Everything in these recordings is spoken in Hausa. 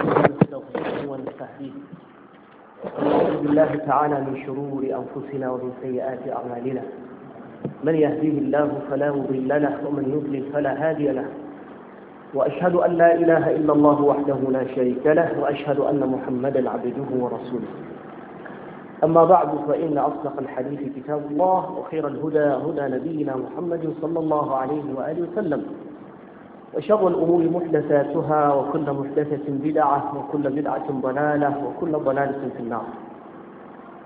عليكم بالتوفيق والتحديد بالله تعالى من شرور أنفسنا ومن سيئات أعمالنا من يهديه الله فلا مضل له ومن يضلل فلا هادي له وأشهد أن لا إله إلا الله وحده لا شريك له وأشهد أن محمدا عبده ورسوله أما بعد فإن أصدق الحديث كتاب الله وخير الهدى هدى نبينا محمد صلى الله عليه وآله وسلم وشر الأمور محدثاتها وكل محدثة بدعة وكل بدعة ضلالة وكل ضلالة في النار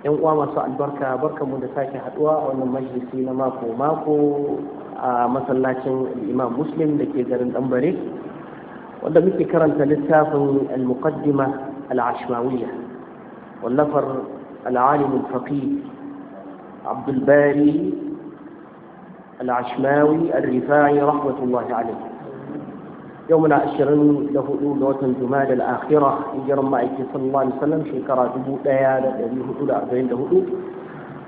يوم قوام صاع البركة بركة مدفاك حدوى وأن المجلسين ماكو آه، ماكو مثلا الإمام مسلم لكي ذر الأنبري وأن مثل كرم ثلاثة المقدمة العشماوية والنفر العالم الفقيه عبد الباري العشماوي الرفاعي رحمة الله عليه yau muna ashirin da hudu ga watan juma'a da akhira hijiran ma'aiki sallallahu alaihi wasallam shekara dubu daya da dari hudu da arba'in da hudu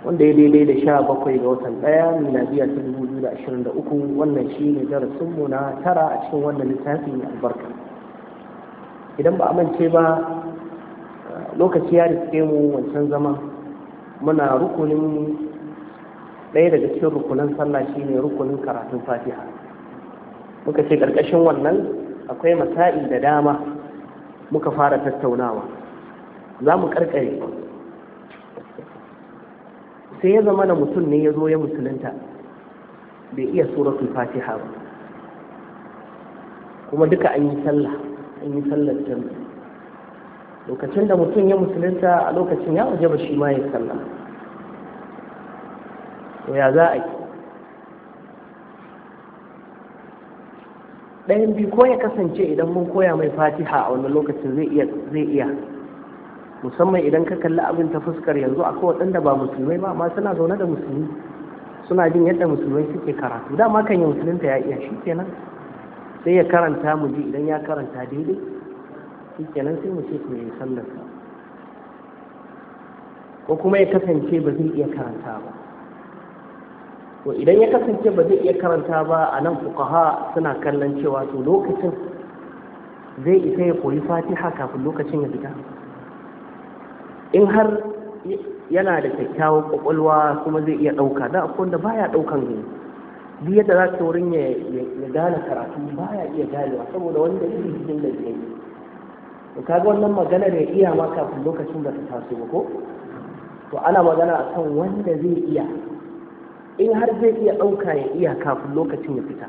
wanda ya daidai da sha bakwai ga watan daya miladiya ta dubu biyu da ashirin da uku wannan shi ne darasinmu na tara a cikin wannan littafi albarka idan ba ba lokaci ya riske mu wancan zama muna rukunin ɗaya daga cikin rukunin sallah shine rukunin karatun fatiha muka ce ƙarƙashin wannan akwai masa'i da dama muka fara tattaunawa za mu ƙarƙare sai ya zama na mutum ne ya zo ya musulunta bai iya suratul fatiha ba kuma duka an yi sallah an yi sallar jami'a lokacin da mutum ya musulunta a lokacin ya waje ba shi ma ya sallah ya za a yi ɗayan biyu ko ya kasance idan mun koya mai fatiha a wani lokacin zai iya zai iya musamman idan ka kalli abin ta fuskar yanzu akwai waɗanda ba musulmai ba amma suna zaune da musulmi suna jin yadda musulmai suke karatu dama kan yi musulunta ya iya shi kenan sai ya karanta mu ji idan ya karanta daidai shi kenan sai mu ce ku yi sallarsa ko kuma ya kasance ba zai iya karanta ba to idan ya kasance ba zai iya karanta ba a nan fukaha suna kallon cewa to lokacin zai isa ya koyi fatiha kafin lokacin ya fita in har yana da kyakkyawar kwakwalwa kuma zai iya ɗauka da akwai ba baya ɗaukan gani duk yadda za ta wurin ya gane karatu baya iya ganewa saboda wanda yake cikin da zai to kaga wannan maganar ya iya ma kafin lokacin da ta taso ba ko to ana magana akan wanda zai iya in har zai iya ɗauka ya iya kafin lokacin ya fita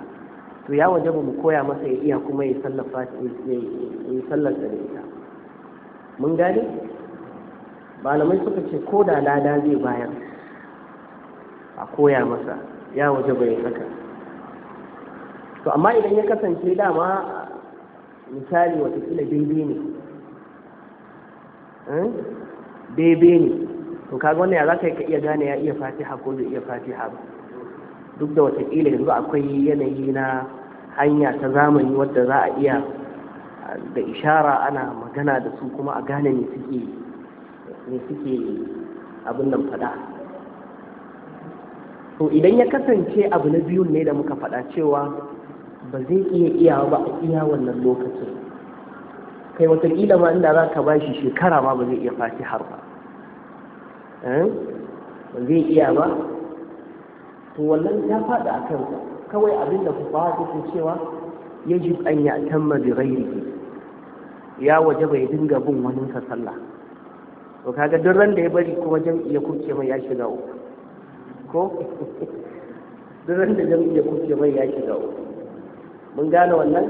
to ya waje ba mu koya masa ya iya kuma ya sallarsa da ita mun gane malamai suka ce ko da lada zai bayar a koya masa ya waje ba ya saka to amma idan ya kasance dama misali watakila daidai ne eh, daidai ne to kaga wannan ya za ka iya gane ya iya fatiha ko bai iya fatiha ba duk da watakila yanzu akwai yanayi na hanya ta zamani wadda za a iya da ishara ana magana da su kuma a gane ne suke ne suke abin nan faɗa to idan ya kasance abu na biyun ne da muka faɗa cewa ba zai iya iya ba a iya wannan lokacin kai watakila ma inda za ka ba shi shekara ma ba zai iya fatihar ba Eh? ba zai iya ba to wannan ya faɗi a kansa kawai abin da fuka suke cewa ya ji an ya tamma bi ghairihi ya waje bai dinga bin wani sallah to kaga duk ran da ya bari kuma jam'i ya kuke mai ya shiga uku ko duk ran da jam'i ya kuke mai ya shiga uku mun gane wannan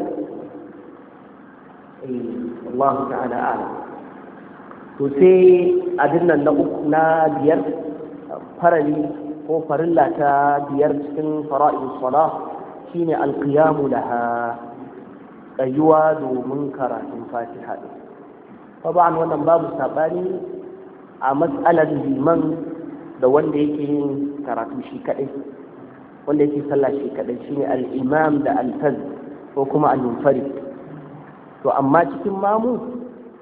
eh Allah ta'ala a'lam to sai abin nan na uku na biyar farali ko farilla ta biyar cikin fara'in sala shine alqiyamu laha tsayuwa domin karatun fatiha din taban wannan babu sabani a matsalar liman da wanda yake yin karatu shi kadai wanda yake sallah shi kadai shine al-imam da al ko kuma al-munfarid to amma cikin mamu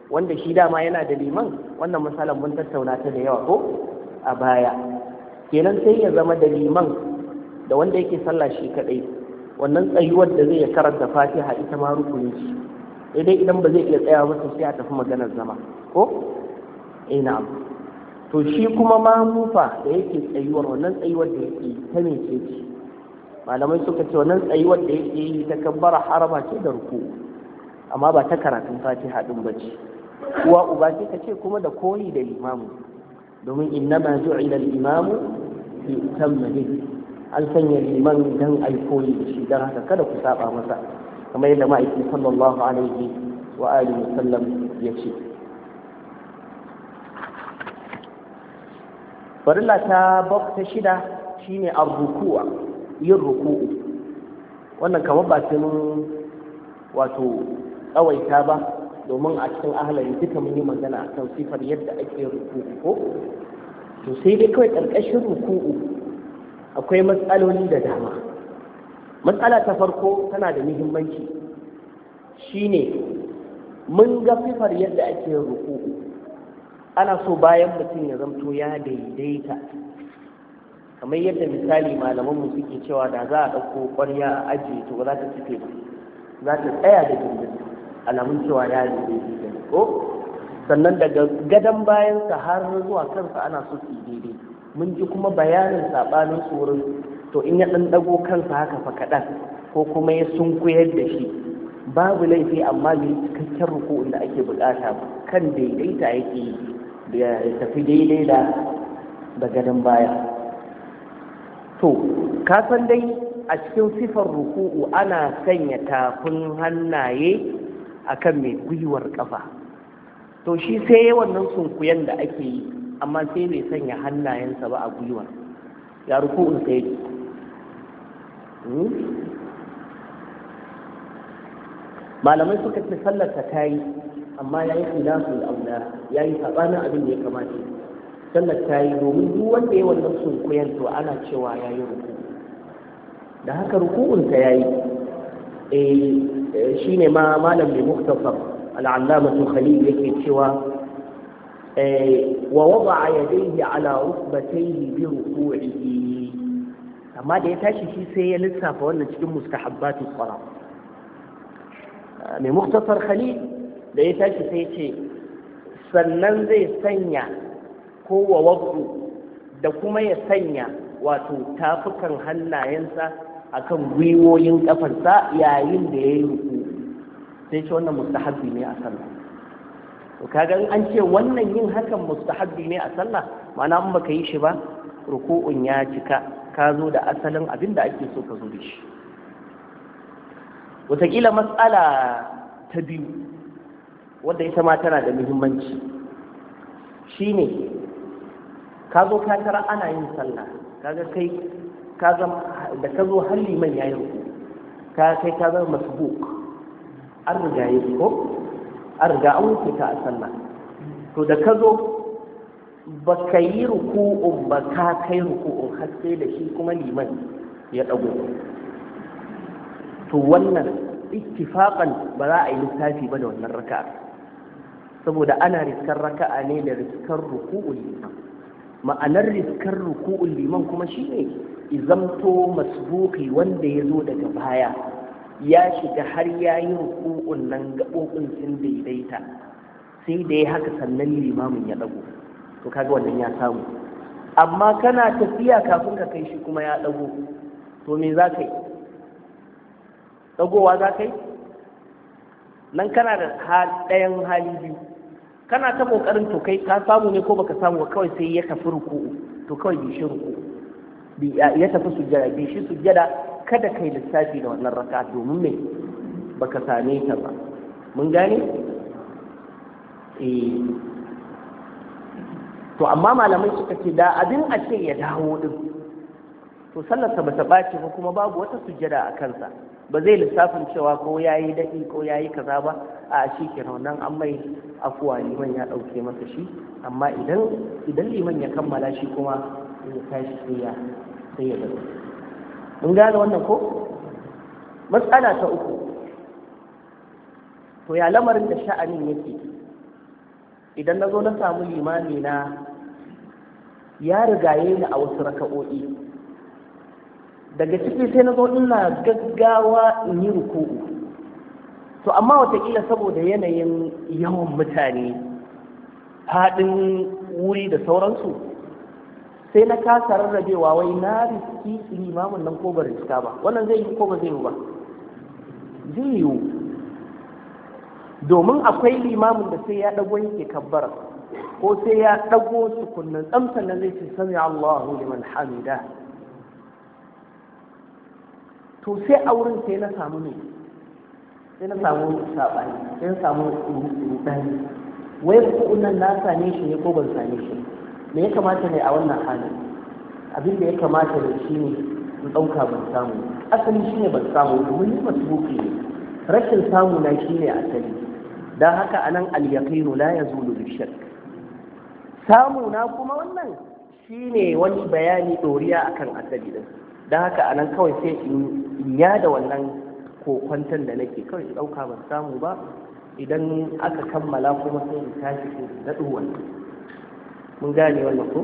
wanda shi dama yana da liman wannan misalin mun tattauna ta da yawa ko a baya kenan sai ya zama da liman da wanda yake sallah shi kadai wannan tsayuwar da zai karanta fatiha ita ma rukuni ce sai dai idan ba zai iya tsaya ba sai a tafi maganar zama ko eh na'am to shi kuma mufa da yake tsayuwar wannan tsayuwar da yake ta me ce ce malamai suka ce wannan tsayuwar da yake yi ta kabbara harama ce da ruku amma ba ta karatun fatiha din ba ce Wa uba ka ce kuma da koyi da limamu domin inna ma ju'ila al-imamu fi utamma an sanya liman dan ai koyi da shi dan haka kada ku saba masa kamar yadda ma'aiki sallallahu alaihi wa alihi sallam ya ce farilla ta bak ta shida shine arrukuwa yin ruku'u wannan kamar ba sai mun wato tsawaita ba domin a cikin ahalari duka mun yi magana kan sifar yadda ake ruku'u ko to sai dai kawai ƙarƙashin ruku'u akwai matsaloli da dama matsala ta farko tana da muhimmanci shine mun ga sifar yadda ake ruku'u ana so bayan mutum ya zamto ya daidaita kamar yadda misali malamanmu suke cewa da za a ɗauko ƙwarya a ajiye to ba za ta tsaya da jirgin alamun cewa ya daidai shi ko sannan daga gadon bayansa har zuwa kansa ana so su daidai mun ji kuma bayanin sabanin tsoron to in ya ɗan dago kansa haka fa kaɗan ko kuma ya sunkuyar da shi babu laifi amma mai cikakken ruku da ake bukata kan daidaita yake ya tafi daidai da da gadon baya to ka san dai a cikin sifar ruku'u ana sanya tafin hannaye akan mai gwiwar kafa to shi sai wannan sunkuyen da ake yi amma sai bai sanya hannayensa ba a gwiwar ya in sai yi, hmm? malamai suka ce sallar ta yi amma ya yi khilafin auna ya yi sabanin abin da ya kamata sallar ta yi domin duk wanda ya wannan sunkuyen to ana cewa ya yi ruku da haka ruku'unsa ya yi Eh, shi ne ma malam bai muktasar al'allamatu khalil yake cewa eh, wa wada yadayhi ala usbatayhi bi ruku'ihi amma da ya tashi shi sai ya lissafa wannan cikin mustahabbatu qara mai eh, muktasar khalil da ya tashi sai ya ce sannan zai sanya ko wa da kuma ya sanya wato tafukan hannayensa akan gwiwoyin kafarsa yayin da ya yi ruku sai ce wannan mustahabbi ne a sallah to kaga in an ce wannan yin hakan mustahabbi ne a sallah ma'ana in baka yi shi ba ruku'un ya cika ka zo da asalin abin da ake so ka zo da shi wataƙila matsala ta biyu wadda ita ma tana da muhimmanci shine ka zo ka tara ana yin sallah kaga kai ka da ka zo har liman ya yi ruku ka kai ka zama masbuk an riga yi ko an riga an wuce ka a to da ka zo ba ka yi ruku'un ba ka kai ruku'un har da shi kuma liman ya ɗago to wannan ittifaqan ba za a yi lissafi ba da wannan raka'a saboda ana riskar raka'a ne da riskar ruku'un liman ma'anar riskar ruku'un liman kuma shine izamto masbuki wanda ya zo daga baya ya shiga har ya yi ruku'un nan gaɓoɓin sun daidaita sai da ya haka sannan limamin ya ɗago to kaga wannan ya samu amma kana tafiya kafin ka kai shi kuma ya ɗago to me za ka yi ɗagowa za ka yi nan kana da ɗayan hali biyu kana ta kokarin to kai ka samu ne ko baka samu kawai sai ya tafi ruku'u to kawai bi shi ruku'u ya tafi sujjada bi shi sujjada kada kai lissafi da wannan raka domin me baka same ta ba mun gane eh. to amma malamai suka ce da abin a ce ya dawo din to sallarsa ba ta ɓace ba kuma babu wata sujjada a kansa ba zai lissafin cewa ko ya yi daɗi ko ya yi kaza ba a shi kenan nan an mai afuwa liman ya ɗauke masa shi amma idan idan liman ya kammala shi kuma ya tashi sai ya sai ya gaba mun gane wannan ko matsala ta uku to ya lamarin da sha'anin yake idan na zo na samu limami na ya rigaye ni a wasu raka'o'i daga ciki sai na zo ina gaggawa in yi ruku'u to amma watakila saboda yanayin yawan mutane faɗin wuri da sauransu sai na kasa rarrabewa wai na riski limamin nan ko ba riska ba wannan zai yi ko ba zai yi ba zai domin akwai limamin da sai ya dago yake kabbara ko sai ya ɗago su kunnan tsamsan nan zai ce sami Allahu liman hamida to sai a wurin sai na samu ne sai na samu sabani sai na samu rudani wai kuɗin nan na same shi ne ko ban same shi me ya kamata ne a wannan halin abin da ya kamata ne shi ne in ɗauka ban samu asali shi ne ban samu domin yi masu buki ne rashin samu na shi ne asali don haka anan alyakainu la ya zo shakk samu na kuma wannan ne wani bayani doriya akan asali din don haka a nan kawai sai in yada wannan kokwantar da nake kawai in ɗauka ban samu ba idan aka kammala kuma sai in tashi in daɗu wannan mun gane wannan ko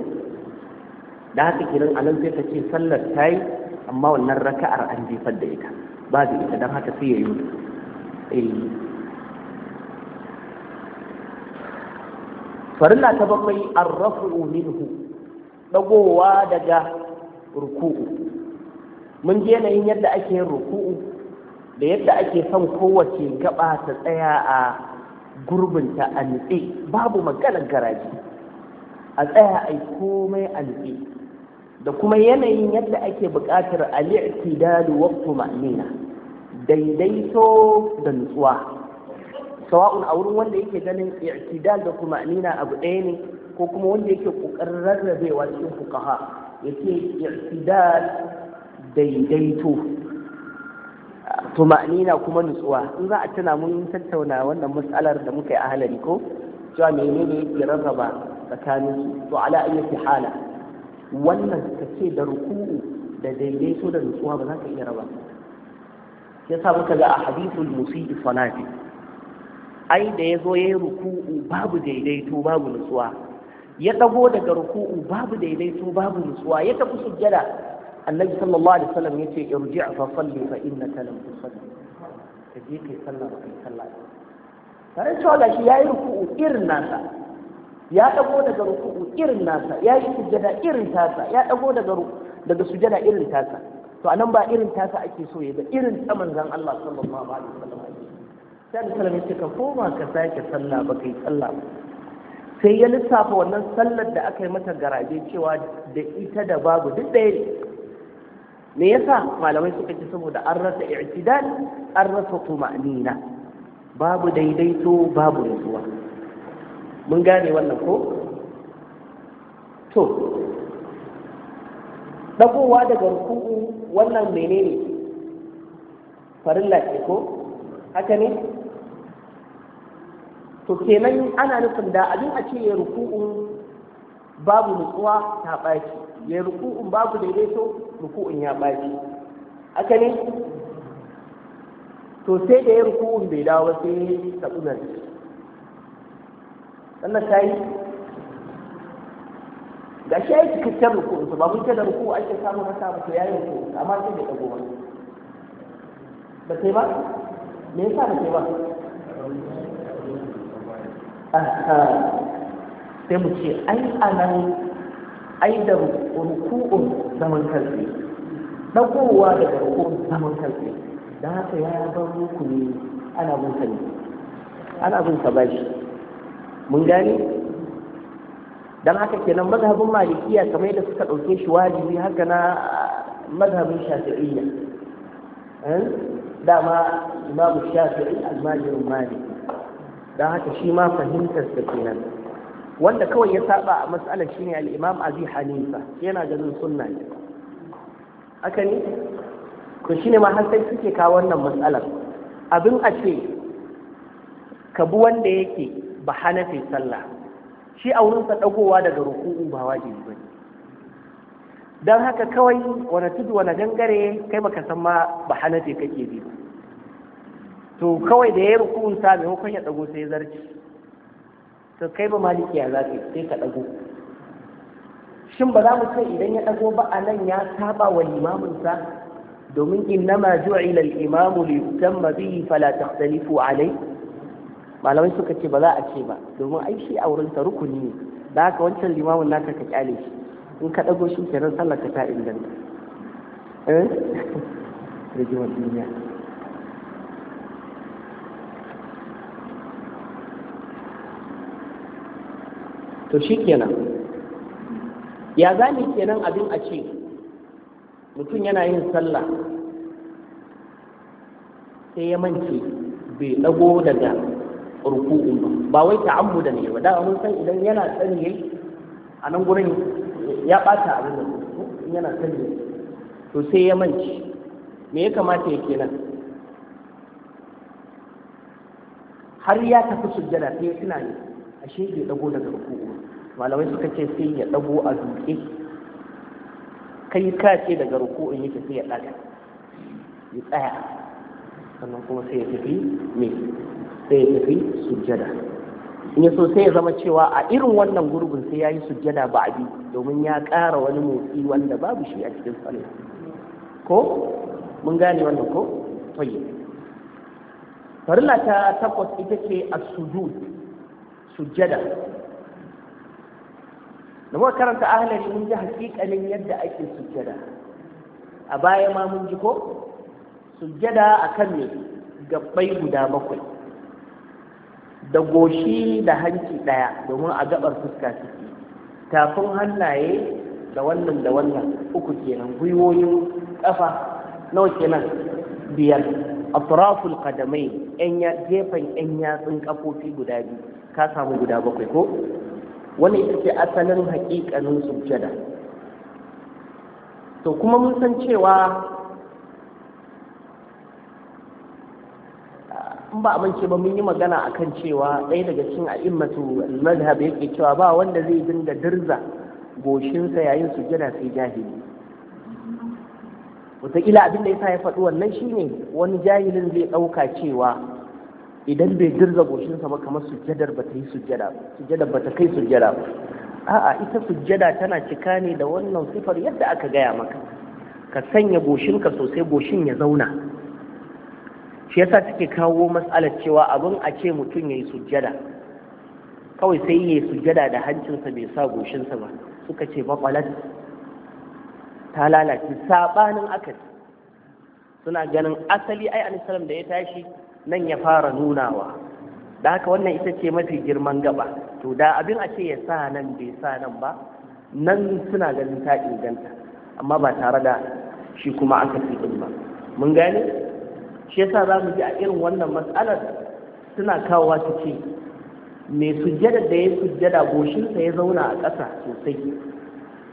da haka kiran a nan sai ka ce sallar tayi, yi amma wannan raka'ar an jefar da ita da ita don haka sai ya yi eh. farilla ta bakwai an rafu minhu dagowa daga ruku'u mun ji yanayin yadda ake yin ruku'u da yadda ake son kowace gaba ta tsaya a gurbinta a nutse babu maganar garaji a tsaya a komai a da kuma yanayin yadda ake buƙatar da waqtu ma'nina daidaito da nutsuwa sawa'un a wurin wanda yake ganin i'tidal da kuma nina abu ɗaya ne ko kuma wanda yake ƙoƙarin rarrabewa cikin fuqaha yake i'tidal daidaito tumanina kuma nutsuwa in za a tana mun tattauna wannan matsalar da muka yi a halari ko cewa menene yake rarraba tsakanin su to ala ayyati hala wannan ka ce da ruku'u da daidaito da nutsuwa ba za ka iya raba ya sa muka ga a hadithul musii salati ai da ya zo ya yi ruku'u babu daidaito babu nutsuwa ya dago daga ruku'u babu daidaito babu nutsuwa ya tafi sujjada annabi sallallahu alaihi wasallam yace irji fa salli fa innaka lam tusalli ka je kai sallah ba kai sallah tare cewa gashi yayi ruku'u irin nasa ya dago daga ruku'u irin nasa ya yi sujada irin tasa ya dago daga daga sujada irin tasa to anan ba irin tasa ake so ya ga irin tsaman zan Allah sallallahu alaihi wasallam sai sallallahu alaihi ka koma ka sake sallah ba kai sallah ba sai ya lissafa wannan sallar da aka yi mata garaje cewa da ita da babu duk ɗaya me yasa malamai suka ce saboda an rasa i'tidal an rasa tuma'nina babu daidaito babu nutsuwa mun gane wannan ko to dagowa daga ruku'u wannan menene farilla ce ko haka ne to kenan ana nufin da abin a ce ruku'u babu nutsuwa ta baki mai ruku'un babu daidaito ruku'un ya ɓaci aka ne to sai da ya ruku'un bai dawo sai ta tsunar sannan ta yi ga shi ya yi cikakken ruku'un su ba mun ce da ruku'u ake samun na ba to ya yi ruku'un amma sai bai ɗago ba ba sai ba me yasa ba sai ba ah, ah. sai mu ce ai nan ai da ruku'un zaman kalfi ɗagowa da ruku'un zaman kalfi da haka ya bar rukuni ana bin kalfi ne ana bin kabashi mun gane don haka kenan mazhabin malikiya kamar yadda suka ɗauke shi wajibi haka na mazhabin shafi'iyya eh? dama imamu shafi'i almajirin maliki don haka shi ma fahimtar sa kenan wanda kawai ya saba a matsalar shine alimam imam abi hanifa yana ganin sunna ne haka ne to ne ma har sai suke kawo wannan matsalar abin a ce ka bi wanda yake ba hanafi sallah shi a wurinsa ɗagowa daga ruku'u ba wajibi ba don haka kawai wani tudu wani gangare kai baka san ma ba hanafi kake bi to kawai da ya ruku'un mai maimakon ya ɗago sai zarci to kai ba malikiya za ka sai ka ɗago shin ba za mu ce idan ya ɗago ba a nan ya saba wa limaminsa domin ma ju'ila al-imamu li yutamma bihi fala takhtalifu alai malamai suka ce ba za a ce ba domin ai shi a wurin rukuni ne da haka wancan limamin naka ka kyale shi in ka ɗago shi kenan sallar ka ta inganta eh duniya to shi kenan ya zami kenan abin a ce mutum yana yin sallah sai ya mance bai dago daga rukun ba ba wai ta da ne ba da mun san idan yana sani yayi a nan gurin ya bata abin da yana sani to sai ya mance me ya kamata ya kenan har ya tafi sujjada sai ya tuna ne ashe ya dago daga ruku'u malamai suka ce sai ya dago a duke kai ka ce daga ruku'un yake sai ya daga ya tsaya sannan kuma sai ya tafi me sai ya tafi sujjada in ya so sai ya zama cewa a irin wannan gurbin sai ya yi sujjada ba abi domin ya ƙara wani motsi wanda babu shi a cikin sallah ko mun gane wannan ko toye farila ta takwas ita ce a sujud sujjada da kuma karanta ahlari mun ji hakikalin yadda ake sujjada a baya ma mun ji ko sujjada akan kan ne gabbai guda bakwai da goshi da hanci ɗaya domin a gabar fuska ciki tafin hannaye da wannan da wannan uku kenan gwiwoyin ƙafa nawa kenan biyar atraful qadamai gefen yan yatsun kafofi guda biyu ka samu guda bakwai ko wani ita ce asalin hakikanin sujjada to kuma mun san cewa in ba amince ba mun yi magana akan cewa ɗaya daga cikin a'immatu al-madhhab yake cewa ba wanda zai dinga dirza goshinsa yayin sujjada sai jahili wataƙila abin da yasa ya faɗi wannan shine wani jahilin zai ɗauka cewa idan bai dirza goshinsa ba kamar sujjadar ba ta yi sujjada sujjadar ba ta kai sujjada ba a'a ita sujjada tana cika ne da wannan sifar yadda aka gaya maka ka sanya goshinka sosai goshin ya zauna shi yasa suke kawo matsalar cewa abin a ce mutum ya yi sujjada kawai sai ya yi sujjada da hancinsa bai sa goshinsa ba suka ce bakwalat ta lalace sabanin akali suna ganin asali ai alisalam da ya tashi nan ya fara nunawa da haka wannan ita ce mafi girman gaba to da abin a ce ya sa nan bai sa nan ba nan suna ganin ta inganta amma ba tare da shi kuma aka fi ɗin ba mun gane shi yasa za mu ji a irin wannan matsalar suna kawowa su ce mai sujjada da ya sujjada goshinsa ya zauna a ƙasa sosai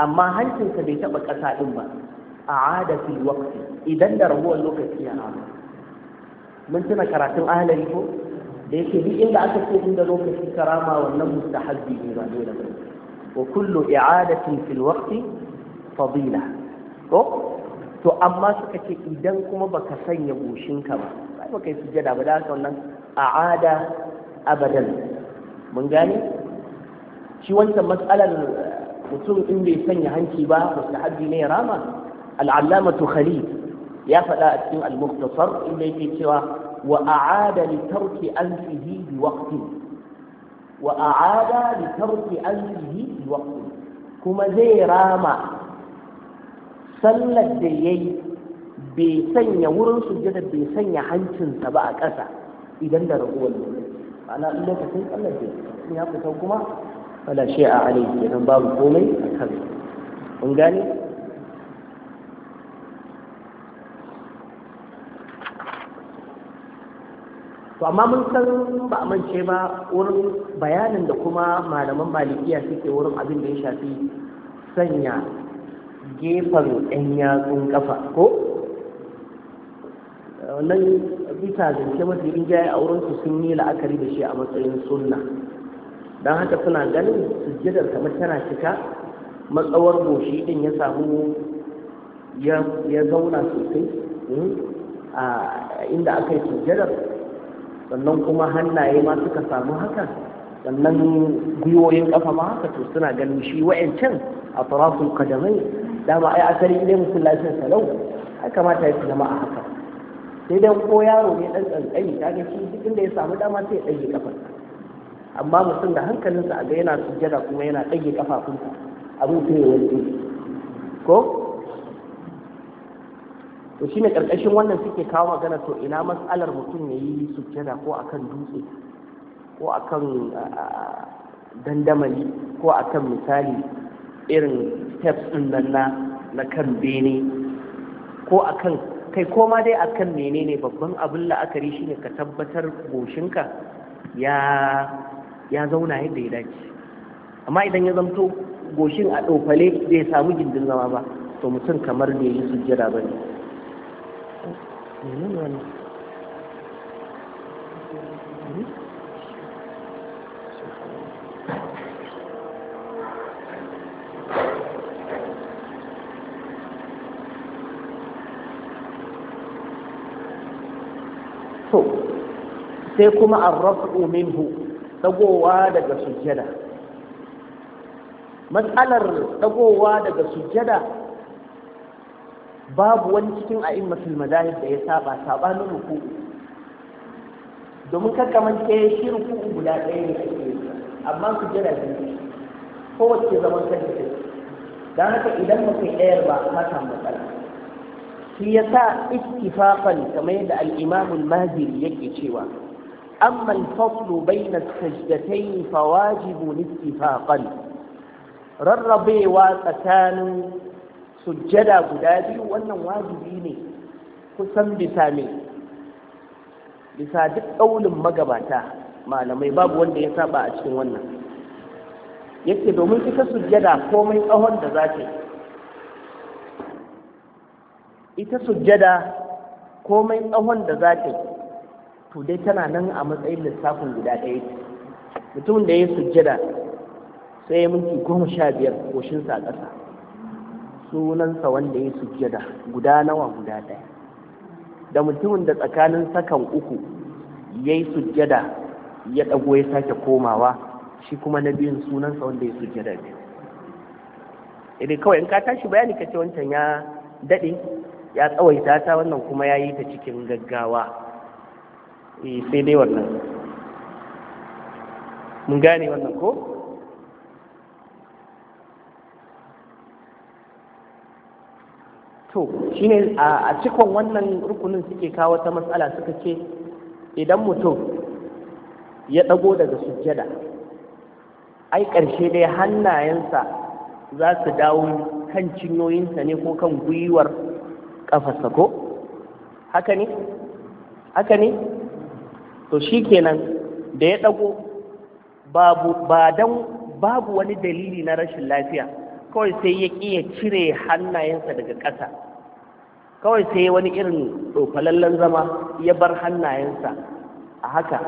amma hancinsa bai taɓa ƙasa ɗin ba a adafi wakti idan da raguwar lokaci ya hamu mun tuna karatun ahalari ko da yake duk inda aka ce inda lokaci karama wannan mustahabbi ne ba dole ba wa kullu i'adatin fil waqti fadila ko to amma suka ce idan kuma baka sanya goshinka ba ba baka yi sujjada ba da haka wannan a'ada abadan mun gane shi wancan matsalar mutum in bai sanya hanci ba wasu mustahabbi ne rama al'allamatu khalid ya faɗa a cikin al-mukhtasar inda yake cewa wa a'ada li tarki anfihi bi waqti wa a'ada li tarki anfihi bi waqti kuma zai rama sallar da yayi bai sanya wurin sujjada bai sanya hancinsa ba a ƙasa idan da ragowar lokaci ana lokacin sallar da ya fita kuma wala shi a alai nan babu komai a kan kun gane to amma mun san ba a mance ba wurin bayanin da kuma malaman malikiya suke wurin abin da ya shafi sanya gefen ɗan yatsun kafa ko wannan bisa zance mafi rinjaye a wurin su sun yi la'akari da shi a matsayin sunna don haka suna ganin sujjadar kamar tana cika matsawar goshi din ya samu ya zauna sosai hmm, a inda aka yi sujjadar sannan kuma hannaye ma suka samu haka sannan gwiwoyin kafa ma haka to suna ganin shi wa'ancan a farafin kadamai dama ai asali ne mutum lafiyar salau haka kamata ya fi zama a haka sai dan ko yaro ne dan tsantsani kaga shi duk inda ya samu dama sai ya ɗage kafarsa amma mutum da hankalinsa a ga yana sujjada kuma yana ɗage kafafunsa abin sai ya wani ko to shine karkashin wannan suke kawo magana to ina matsalar mutum ya yi sujjada ko akan dutse ko akan dandamali ko akan misali irin steps din nan na na kan bene ko akan kai koma dai akan menene babban abin la'akari shine ka tabbatar goshinka ya ya zauna yadda ya dace amma idan ya zamto goshin a ɗofale bai samu gindin zama ba to mutum kamar da yi sujjada ba ne to sai kuma arrafu minhu dagowa daga sujjada matsalar tsagowa daga sujjada babu wani cikin a'immatul madahib da ya saba sabanin ruku domin kakkaman ɗaya shi ruku guda ɗaya ne ake amma sujjada biyu kowace zaman kanta da, don haka idan ba kai ɗayar ba ka samu matsala shi sa ittifaqan kamar yadda al-imam al-maziri yake cewa أما الفصل بين السجدتين فواجب اتفاقا رربي واتكان سجدا قدادي وأن واجبيني kusan bisa ne bisa duk ƙaulin magabata malamai babu wanda ya saba a cikin wannan yake domin ita sujjada komai tsawon da za ita sujjada komai tsawon da za to dai tana nan a matsayin lissafin guda ɗaya mutumin da ya sujjada sai ya minti goma sha biyar koshinsa a ƙasa sunansa wanda ya sujjada guda nawa guda ɗaya da mutumin da tsakanin sakan uku ya yi sujjada ya ɗago ya sake komawa shi kuma na biyun sunansa wanda ya sujjada biyu idan kawai in ka tashi bayani ka ce wancan ya daɗe ya tsawaita ta wannan kuma ya yi ta cikin gaggawa eh sai dai wannan mun gane wannan ko to shi ne a cikon wannan rukunin suke kawo ta matsala suka ce idan mutum ya ɗago daga sujjada ai ƙarshe dai hannayensa za su dawo kan cinyoyinsa ne ko kan gwiwar ƙafarsa ko haka ne haka ne to shi kenan da ya ɗago ba don babu wani dalili na rashin lafiya kawai sai ya ƙi ya cire hannayensa daga ƙasa kawai sai wani irin tsofalallen zama ya bar hannayensa a haka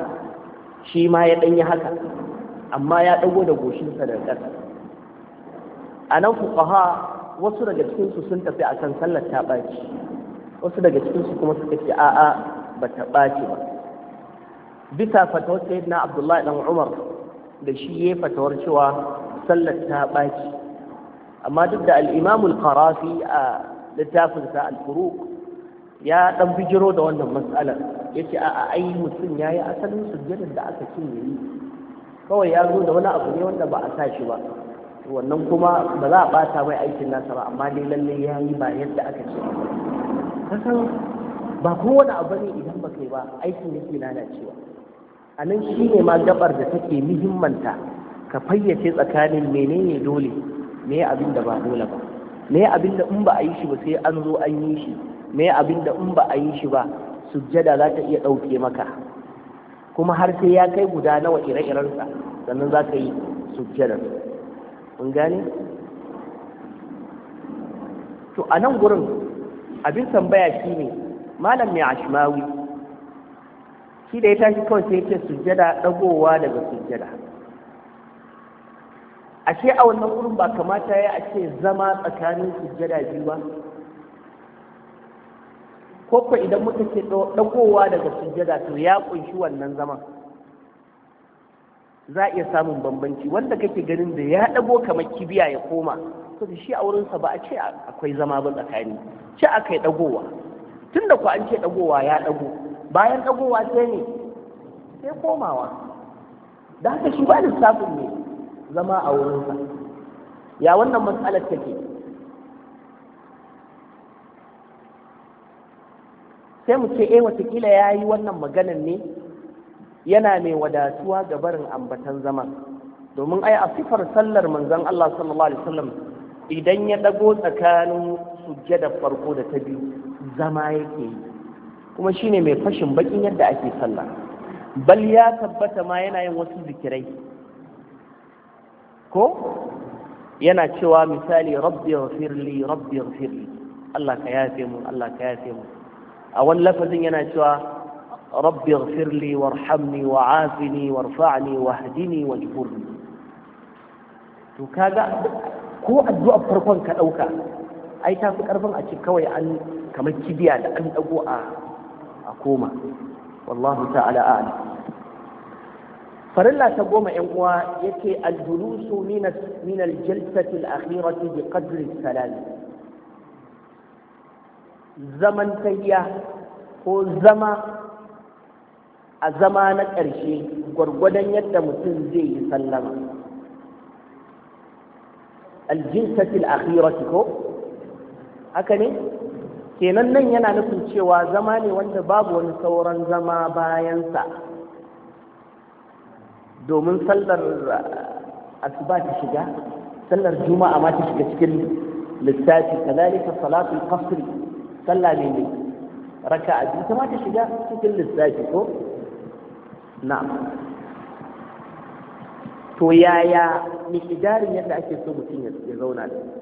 shi ma ya ɗanyi haka amma ya ɗago da goshinsa daga ƙasa a nan fukaha wasu daga cikinsu sun tafi akan sallar ta ɓaci wasu daga cikinsu kuma suka ce a'a ba ta ɓaci ba bisa fatawar sayyidina abdullahi dan umar da shi ya fatawar cewa sallar ta baki amma duk da al-imam al-qarafi a littafin sa al-furuq ya dan bijiro da wannan matsalar yace a ai mutum yayi asalin sujjadar da aka cinye yi kawai ya zo da wani abu ne wanda ba a sa shi ba wannan kuma ba za a bata mai aikin nasa ba amma dai lalle ya yi ba yadda aka ce kasan ba kowane abu ne idan ba kai ba aikin yake lalacewa a nan shi ne ma gabar da take muhimmanta ka fayyace tsakanin menene dole me abin da ba dole ba me abin da in ba a yi shi ba sai an zo an yi shi me abin da in ba a yi shi ba sujjada za ta iya ɗauke maka kuma har sai ya kai guda nawa ire-irensa sannan za ka yi sujjada kun gane to a nan gurin abin tambaya shi ne malam mai ashmawi shi da ya tashi kawai sai yake sujjada ɗagowa daga sujjada ashe a wannan wurin ba kamata ya ake zama tsakanin sujjada biyu ba ko ko idan muka ce dagowa daga sujjada to ya kunshi wannan zaman za a iya samun bambanci wanda kake ganin da ya ɗago kamar kibiya ya koma to shi a wurinsa ba a ce akwai zama ba tsakani ce akai dagowa tunda ku an ce dagowa ya ɗago bayan ɗagowa sai ne sai komawa da haka shi ba lissafin ne zama a wurinsa ya wannan matsalar take sai mu ce eh watakila ya yi wannan maganan ne yana mai wadatuwa ga barin ambatan zaman domin ai a sifar sallar manzon Allah sallallahu alaihi wasallam idan ya dago tsakanin sujjada farko da ta biyu zama yake yi kuma shine mai fashin bakin yadda ake sallah bal ya tabbata ma yana yin wasu zikirai ko yana cewa misali rabbi ghafirli rabbi ghafirli Allah ka yafe mu Allah ka yafe mu a wani lafazin yana cewa rabbi ghafirli warhamni wa'afini warfa'ni wahdini wajburni to kaga ko addu'a farkon ka dauka ai ta fi karfin a ce kawai an kamar kibiya da an dago a a koma wallahu ta'ala a'lam farilla ta goma yan uwa yake aljulusu min aljalsati al-akhirati bi qadri zaman tayya ko zama a zama na ƙarshe gwargwadon yadda mutum zai yi sallama aljilsati al-akhirati ko haka ne kenan nan yana nufin cewa zama ne wanda babu wani sauran zama bayansa domin sallar asuba ta shiga sallar juma'a ma ta shiga cikin lissafi kadalika salatul qasr sallah ne ne raka'a biyu ta ma ta shiga cikin lissafi ko na'am to yaya miqdarin yadda ake so mutum ya zauna da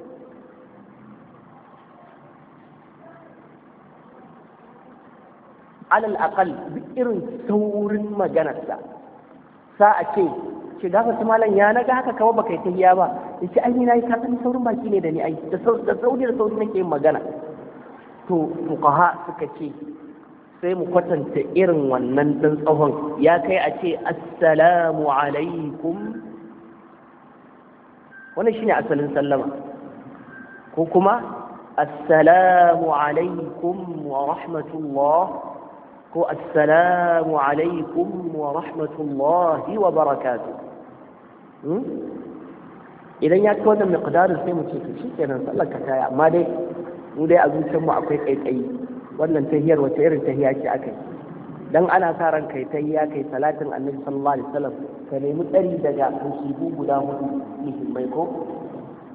alal aqal duk irin saurin maganarsa sa a ce ce da malam ya naga haka kawai baka yi tahiya ba yace ai ni nayi kasan saurin baki ne da ni ai da sauri da sauri nake yin magana to fuqaha suka ce sai mu kwatanta irin wannan dan tsohon? ya kai a ce assalamu alaikum wannan shine asalin sallama ko kuma assalamu alaikum wa rahmatullah ko assalamu alaikum wa rahmatullahi wa barakatu idan ya ci wannan miqdarin sai mu ce to shikenan sallar ka kaya amma dai mu dai a zuciyar mu akwai kaikayi wannan tahiyar wata irin tahiya ce akai dan ana sa ran kai tahiya kai salatin annabi sallallahu alaihi wasallam ka nemi tsari daga musibu guda hudu muhimmai ko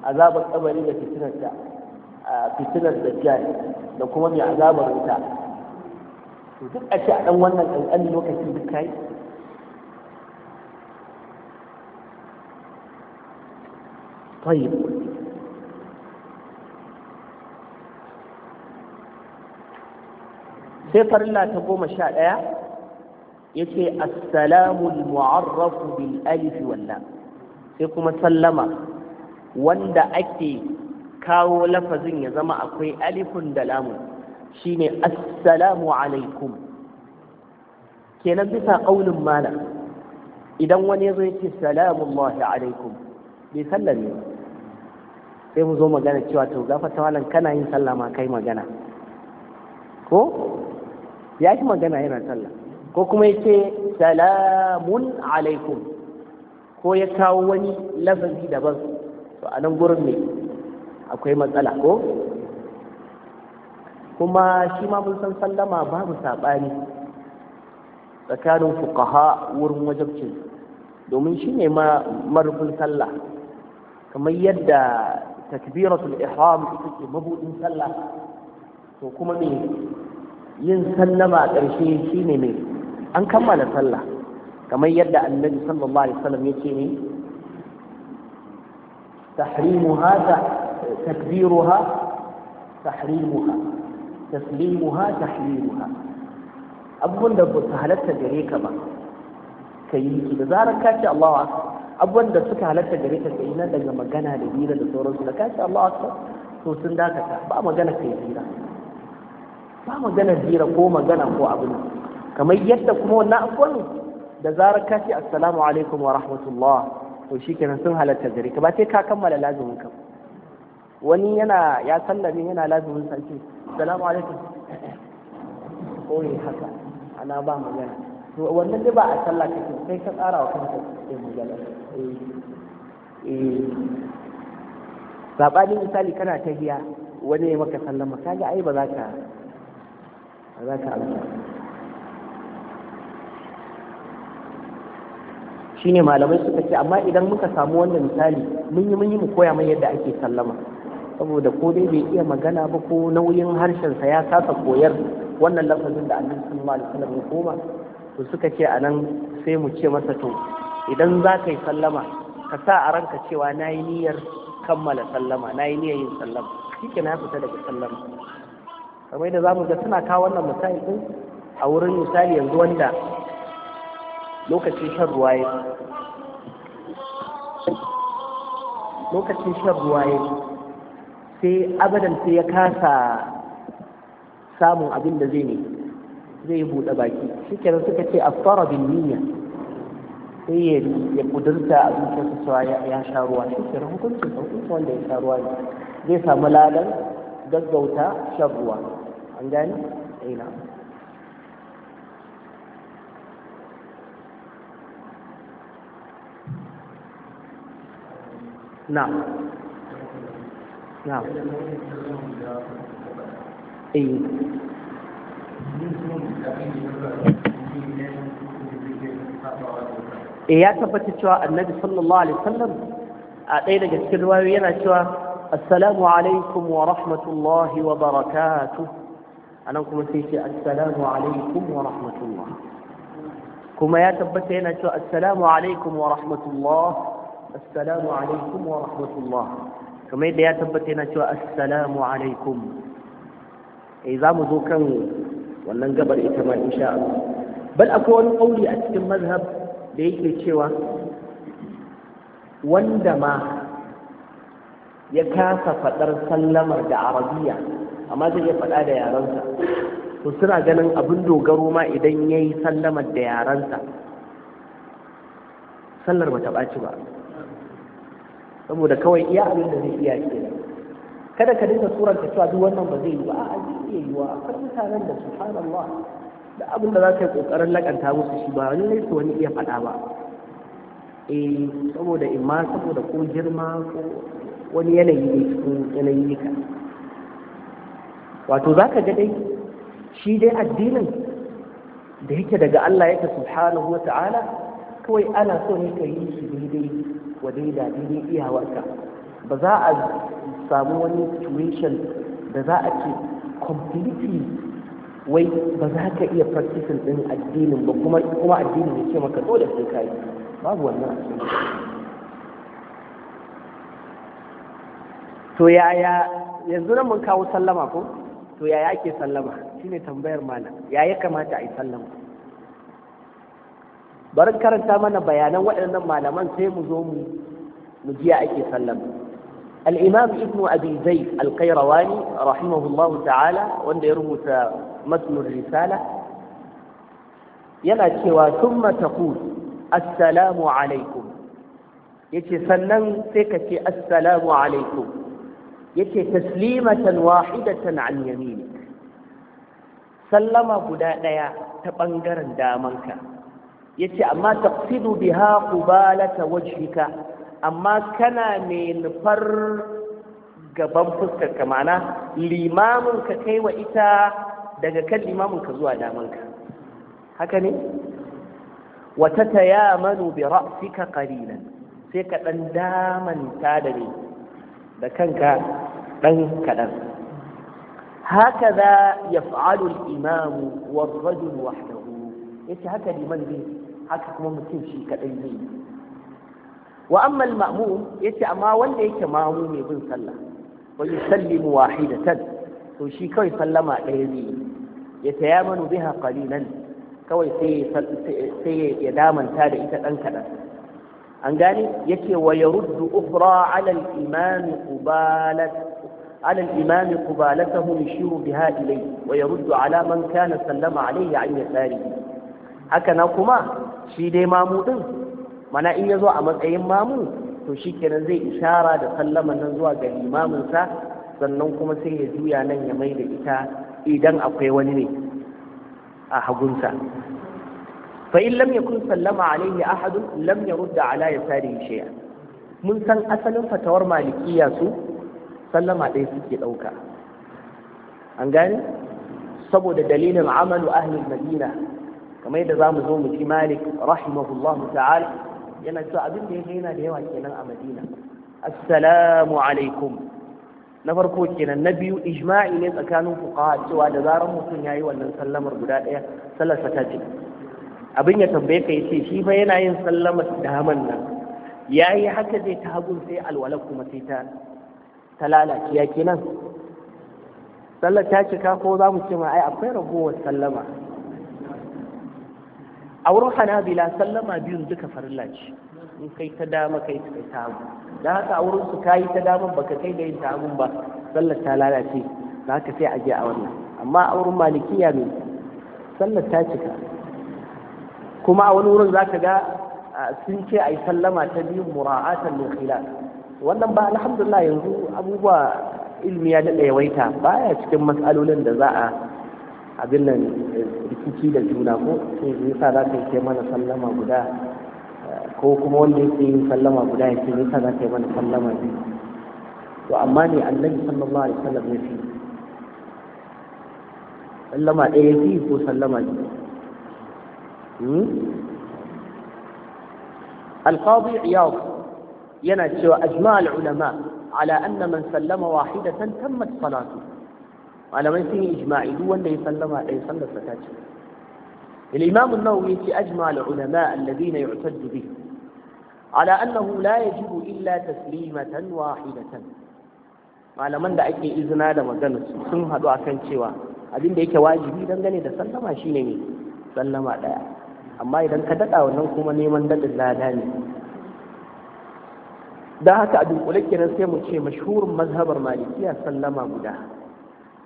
azabar kabari da fitinar da fitinar dajjal da kuma mai azabar wuta to duk a ce a ɗan wannan ƙanƙanin lokacin duk kai طيب sai farilla ta goma sha ɗaya ya ce assalamul mu'arrafu bil alifi wallah sai kuma sallama wanda ake kawo lafazin ya zama akwai alifun da lamun Shi ne assalamu alaikum kenan bisa ƙaunin mana idan wani ya zo ya ce alaikum bai sallame ba sai mu zo magana cewa to gafa walan kana yin sallama ma kai magana ko ya shi magana yana sallah ko kuma ya ce salamun alaikum ko ya kawo wani lafazi daban to a nan gurin ne akwai matsala ko kuma shi ma mun san sallama babu saɓani tsakanin fukaha wurin wajabcin domin shi ne ma marufin sallah kamar yadda takbiratul ihram ita ce mabudin sallah to kuma me yin sallama a ƙarshe shi ne an kammala sallah kamar yadda annabi sallallahu alaihi wasallam ya ce ne tahrimuha takbiruha tahrimuha taslimuha tahliluha abubuwan da ba su halatta gare ka ba ka yi su da zarar ka ce Allahu akbar abubuwan da suka halatta gare ka kai na daga magana da hira da sauransu da ka ce Allahu akbar to sun dakata ba magana kai hira ba magana hira ko magana ko abin kamar yadda kuma wannan abubuwan da zarar ka ce assalamu alaikum wa rahmatullah to shikenan sun halatta gare ka ba sai ka kammala lazumin ka ba wani yana ya sallame yana lazumin sarki salamu alaikum koyi haka ana ba magana to wannan dai ba a sallah kake sai ka tsara wa kanka sai magana eh eh sabanin misali kana ta biya wani ya maka sallama kaga ai ba za ka ba za ka amsa shine malamai suka ce amma idan muka samu wannan misali mun yi mun yi mu koya mai yadda ake sallama saboda ko dai bai iya magana ba ko nauyin harshensa ya kasa koyar wannan lafazin da annabi sallallahu alaihi wasallam ya koma to suka ce anan sai mu ce masa to idan za ka yi sallama ka sa a ranka cewa na yi niyyar kammala sallama na yi niyyar yin sallama shi ke na fita daga sallama kamar da za mu ga suna kawo wannan misali ɗin a wurin misali yanzu wanda lokacin shan ruwa ya lokacin shan ruwa ya sai abadan sai ya kasa samun abin da zai ne zai buɗe baki shi kenan suka ce a fara bin niyya sai ya kudurta a zuciyarsa cewa ya sha ruwa shi kenan hukuncin hukuncin wanda ya sha ruwa ne zai samu ladan gaggauta shan ruwa an gani ina eh, na'am نعم اي إيه، يا ثبت النبي صلى الله عليه وسلم أين جت الرواية شو السلام عليكم ورحمة الله وبركاته أنا أقول فيك السلام عليكم ورحمة الله كما يا ثبت هنا السلام عليكم ورحمة الله السلام عليكم ورحمة الله kamar yadda ya tabbata yana cewa assalamu alaikum eh za mu zo kan wannan gabar ita ma insha bal akwai wani kauli a cikin mazhab da yake cewa wanda ma ya kasa faɗar sallamar da arabiya amma zai iya faɗa da yarensa to suna ganin abin dogaro ma idan ya yi sallamar da yarensa sallar ba ta ɓaci ba saboda kawai iya abin da zai iya ke kada ka dinga suran ka cewa duk wannan ba zai yi ba a zai iya yi wa akwai mutanen da subhanallah da abin da za ka yi kokarin lakanta musu shi ba wani ne wani iya faɗa ba eh saboda imma saboda ko girma ko wani yanayi ne cikin yanayi ka wato za ka ga dai shi dai addinin da yake daga Allah yake subhanahu wa ta'ala kawai ana so ne ka yi shi daidai gwargwadai dadi iyawarka ba za a samu wani situation da za a ce completely wai ba za ka iya practicing din addinin ba kuma addinin ya ce maka dole sai kai babu wannan to yaya yanzu nan mun kawo sallama ko to yaya ake sallama shine tambayar mana, ya ya kamata a yi sallama bari karanta mana bayanan waɗannan malaman sai mu zo mu mu jiya ake sallan al-imam ibnu abi zayd al-qayrawani rahimahullahu ta'ala wanda ya rubuta matnul risala yana cewa thumma taqul assalamu alaikum yace sannan sai ka ce assalamu alaikum yace taslimatan wahidatan an yaminik sallama guda daya ta bangaren damanka yace amma taqsidu biha qubalata wajhika amma kana me nufar gaban fuskar ka ma'ana limamin ka kai wa ita daga kan limamin ka zuwa daman ka haka ne Wata wa tatayamanu bi ra'sika qalilan sai ka dan damanta da ne da kanka dan kadan hakaza yaf'alu al-imamu war-rajulu wahdahu yace haka liman zai haka kuma mutum shi kadai zai yi wa amma al-ma'mum yace amma wanda yake mamu mai bin sallah wa yusallimu wahidatan to shi kawai sallama ɗaya zai yi ya tayamanu biha qalilan kawai sai sai ya damanta da ita ɗan kaɗan. an gane yace wa yaruddu ukhra ala al-imam qubalat على الإمام قبالته يشير بها إليه ويرد على من كان سلم عليه عن يساره هكذا كما shi dai mamu din mana in ya zo a matsayin mamu to shi kenan zai ishara da sallama nan zuwa ga limaminsa sannan kuma sai ya juya nan ya mai da ita idan akwai wani ne a hagunsa fa in lam yakun sallama alaihi ahadun lam yurda ala yasari shay'a mun san asalin fatawar malikiya su sallama dai suke ɗauka an gane saboda dalilin amalu ahli madina kamar yadda za mu zo mu ji malik rahimahullahu ta'ala yana cewa abin da yake yana da yawa kenan a madina assalamu alaikum na farko kenan na biyu ijma'i ne tsakanin fuqaha cewa da zarar mutum yayi wannan sallamar guda ɗaya sallarsa ta ce abin ya tambaye ka yace shi fa yana yin sallamar daman nan yayi haka zai ta hagun sai alwala kuma sai ta ta lalace ya kenan sallar ta cika ko za mu ce ma ai akwai ragowar sallama a wurin hanabila sallama biyun duka farilla ce in kai ta dama kai ta ta da haka a wurin su kayi ta dama baka kai da yin ta ba sallar ta lalace da haka sai a je a wannan amma a wurin malikiya ne sallar ta cika kuma a wani wurin zaka ga sun ce a yi sallama ta biyu mura'atan min khilaf wannan ba alhamdulillah yanzu abubuwa ilmi ya daɗa yawaita baya cikin matsalolin da za a abin nan rikici da juna ko sai zai sa za ka yi mana sallama guda ko kuma wanda yake yin sallama guda yake zai sa za ka yi mana sallama biyu to amma ne annabi sallallahu alaihi wasallam ya fi sallama ɗaya fi ko sallama biyu القاضي عياض ينا سوى أجماع العلماء على أن من سلم واحدة تمت صلاته malamai sun yi ijma'i duk wanda ya sallama ɗaya sallar sa ta ce الإمام النووي في أجمع العلماء الذين يعتد به على أنه لا يجب إلا تسليمة واحدة malaman da ake izina da magana sun haɗu a kan cewa abin da yake wajibi gane da sallama shine ne sallama ɗaya amma idan ka daɗa wannan kuma neman daɗin lada ne da haka a dunkule kenan sai mu ce mashhurin mazhabar malikiya sallama guda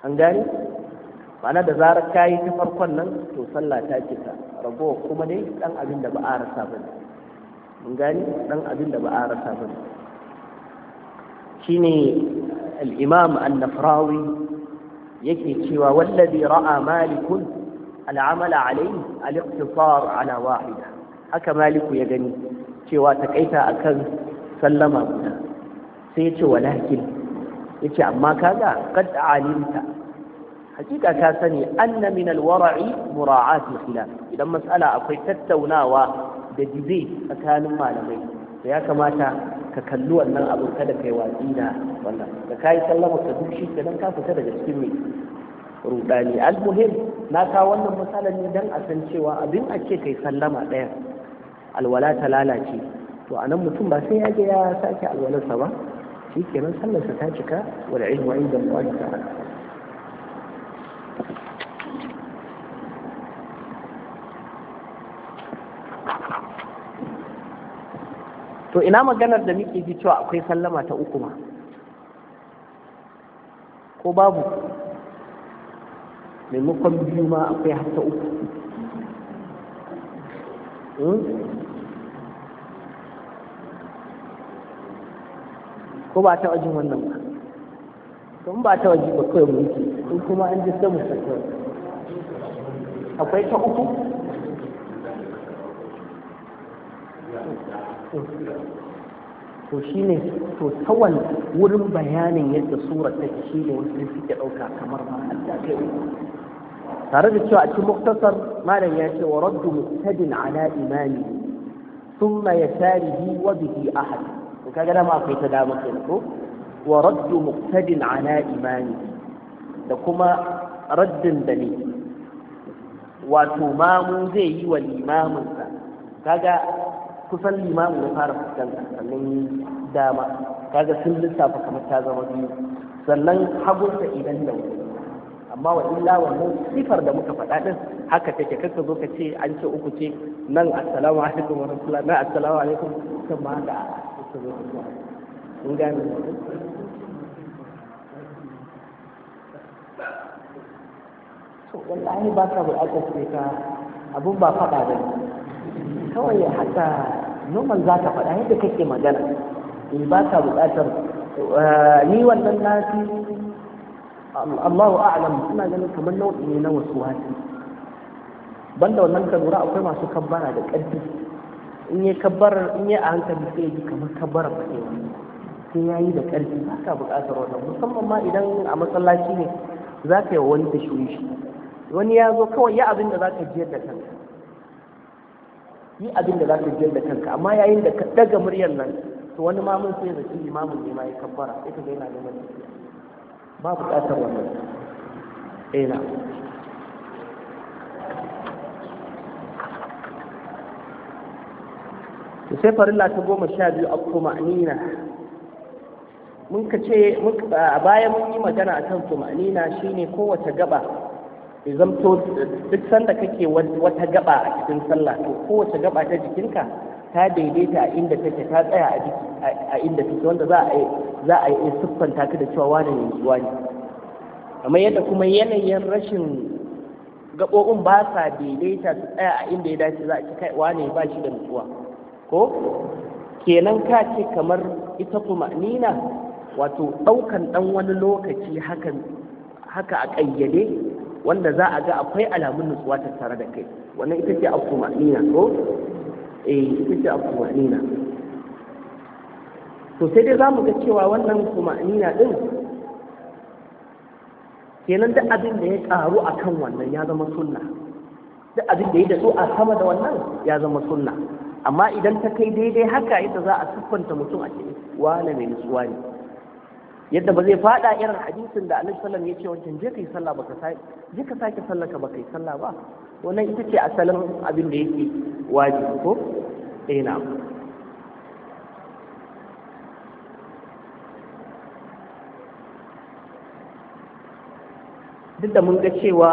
an gane da zarar ka yi ta farkon nan to sallah ta cika ragowa kuma dai dan abin da ba a rasa ba mun dan abin da ba a rasa ba shine al-imam an-nafrawi yake cewa wallazi ra'a malikun al-amala alayhi al-iqtisar ala wahida haka maliku ya gani cewa takaita akan sallama guda sai ya ce walakin yace amma kaga qad alimta hakika ka sani anna min alwara'i mura'at idan mas'ala akwai tattaunawa da jize tsakanin malamai to ya kamata ka kalli wannan abin kada kai watsi da wannan da kai sallama ka duk shi kenan ka fita daga cikin mai rudani almuhim na kawo wannan misalan ne dan a san cewa abin ake kai sallama ɗaya alwala ta lalace to anan mutum ba sai ya je ya sake alwalarsa ba shi kenan sallarsa ta cika wal ilmu inda Allah ta'ala to ina maganar da muke ji cewa akwai sallama ta uku ma ko babu maimakon biyu ma akwai har uku hmm? ko ba taɓa jin wannan ba to ba taɓa ji ba kawai mu yake in kuma an ji sai mu sako akwai ta uku to shi ne to tawan wurin bayanin yadda surar ta shi ne wasu suke ɗauka kamar ma Allah kai tare da cewa a cikin muktasar malam ya ce wa raddu muhtadin ala imani thumma yasarihi wa bihi ahad to kaga dama akwai ta dama kenan ko wa raddu muqtadin ala imani da kuma raddin da ne wato mamu zai yi wa limaminsa kaga kusan limamin ya fara fuskanta sannan dama kaga sun lissafa kamar ta zama biyu sannan hagunsa idan da amma wa illa wannan sifar da muka faɗa din haka take kaka zo ka ce an ce uku ce nan assalamu alaikum wa rahmatullahi nan assalamu alaikum kuma da su zo su zuwa kun ba ka buƙatar sai ka abun ba faɗa ba kawai haka noman za ka faɗa yadda kake magana in eh, ba ka buƙatar eh, ni wannan nasi Allahu a'lam ina ganin kamar nau'i ne na wasu wasi banda wannan ka lura akwai masu kambara da ƙarfi in ya kabbarar in ya a hankali sai ya ji kamar kabbarar ba sai ya yi da ƙarfi ba ka buƙatar wannan musamman ma idan a masallaci ne za ka yi wani da shi wani ya zo kawai ya abin da za ka jiyar da kanka yi abin da za ka jiyar da kanka amma yayin da ka daga muryar nan to wani mamun sai da shi imamun ne ma ya kabbara sai ka ga yana neman ba buƙatar wannan eh na to sai farilla ta goma sha biyu a tuma'nina mun ka ce a baya mun yi magana a kan shi ne kowace gaba zamto duk sanda kake wata gaba a cikin sallah to kowace gaba ta jikinka ta daidaita a inda take ta tsaya a inda take wanda za a yi za siffanta ta da cewa wani ne zuwa ne kamar yadda kuma yanayin rashin gaɓoɓin ba sa daidaita su tsaya a inda ya dace za a ci kai wane ba shi da nutsuwa ko kenan ka ce kamar ita kuma nina wato ɗaukan ɗan wani lokaci haka a ƙayyade wanda za a ga akwai alamun nutsuwa ta tare da kai wannan ita ce nina. ko eh ita ce nina. to sai dai za mu ga cewa wannan kuma nina din kenan duk abin da ya ƙaru akan wannan ya zama sunna duk abin da ya da a sama da wannan ya zama sunna amma idan ta kai daidai haka yadda za a siffanta mutum a ce wane mai nutsuwa ne yadda ba zai fada irin hadisin da alaihi sallam ya ce wancan je kai sallah baka sai je ka sake sallah ka baka yi sallah ba wannan ita ce asalin abin da yake wajibi ko eh na duk da mun ga cewa